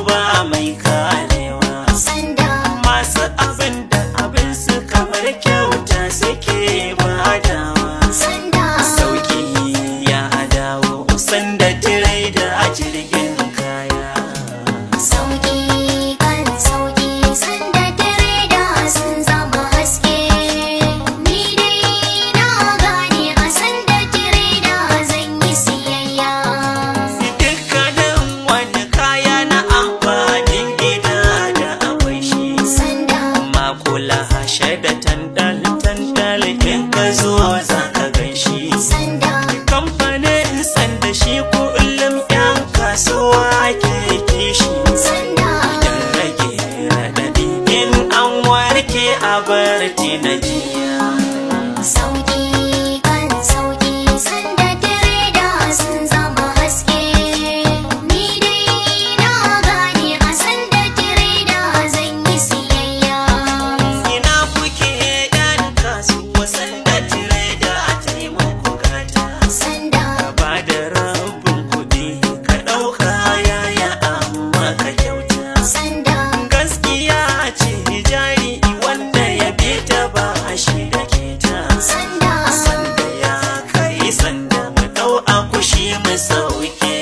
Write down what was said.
ba mai karewa masu abin da abin su kamar kyauta suke ba za ka gan shi kamfanin sanda shi kullum yan kasuwa ke kishi idan rage raɗaɗi in an warke a bar tinajiya sauki yi mai sauki